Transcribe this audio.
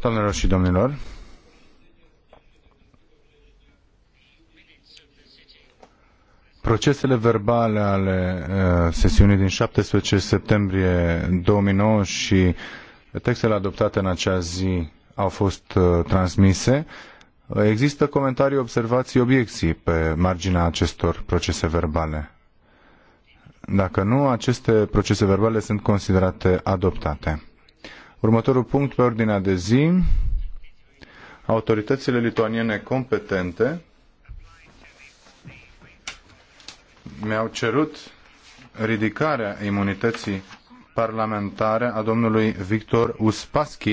Doamnelor și domnilor, procesele verbale ale sesiunii din 17 septembrie 2009 și textele adoptate în acea zi au fost transmise. Există comentarii, observații, obiecții pe marginea acestor procese verbale. Dacă nu, aceste procese verbale sunt considerate adoptate. Următorul punct pe ordinea de zi. Autoritățile lituaniene competente mi-au cerut ridicarea imunității parlamentare a domnului Victor Uspaschi